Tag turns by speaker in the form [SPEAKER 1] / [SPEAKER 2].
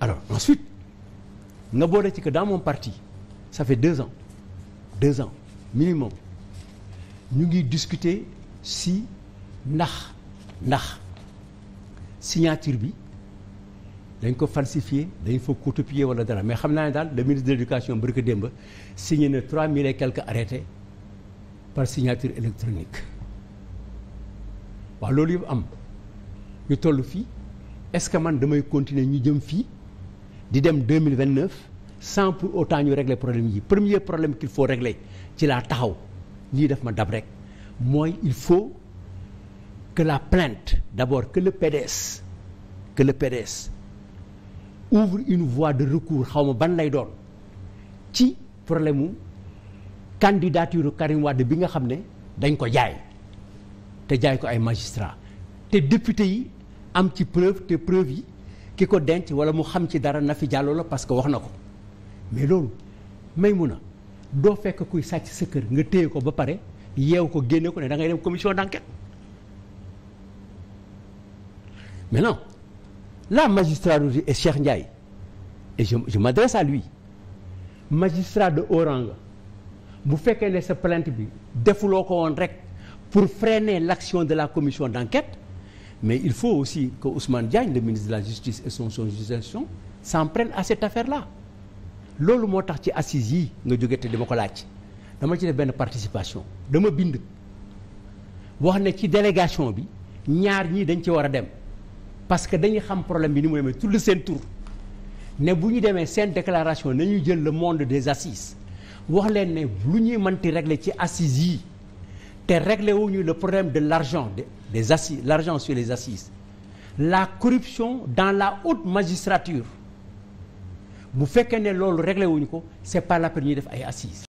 [SPEAKER 1] alors ensuite nga boole ci ko dans mon parti ça fait deux ans deux ans minimum ñu ngi discuter si ndax ndax signature bi dañ ko falsifié dañ fa contrepied wala dara mais xam naa ne daal le ministre de l'éducation Burke Demba signé na trois mille et quelques arrêtés par signature électronique waaw loolu yëpp am ñu toll fii est-ce que man damay continuer ñu jëm fii di dem deux mille vingt neuf sans pour autant ñu régler problème yi premier problème qu'il faut régler ci laa taxaw lii def ma dab rek mooy il faut que la plainte d'abord que le PDS que le PDS ouvre une voie de recours xaw ma ban lay doon ci problème mu candidature Karim Wade bi nga xam ne dañ ko jaay te jaay ko ay magistrats te député yi am ci preuve te preuve yi. ki ko denc wala mu xam ci dara na fi jàllo la parce que wax na ko mais loolu may mun a doo fekk kuy sàcc sa kër nga téye ko ba pare yeew ko génne ko ne da ngay dem commission d'enquête maintenant la magistrature et Cheikh Ndiaye et je je m'adresse à lui magistrat de haut bu fekkee ne sa plainte bi defuloo ko woon rek pour freiner l'action de la commission d'enquête Mais il faut aussi que Ousmane Diagne, le ministre de la Justice et son son juridiction s'en prennent à cette affaire-là loolu moo tax ci assises yi nga jóge te dama ko laaj dama ci def benn participation dama bind wax ne ci délégation bi ñaar ñii dañ ci war a dem parce que dañuy xam problème bi ni mu demee tudd seen tur ne bu ñu demee seen déclaration nañu jël le monde des assises wax leen ne lu ñuy mënti régler ci assises yi te réglé wuñu le problème de l'argent des assises l'argent sur les assises la corruption dans la haute magistrature bu fekkee ne loolu réglé wuñu ko c'est pas la peine ñuy def ay assises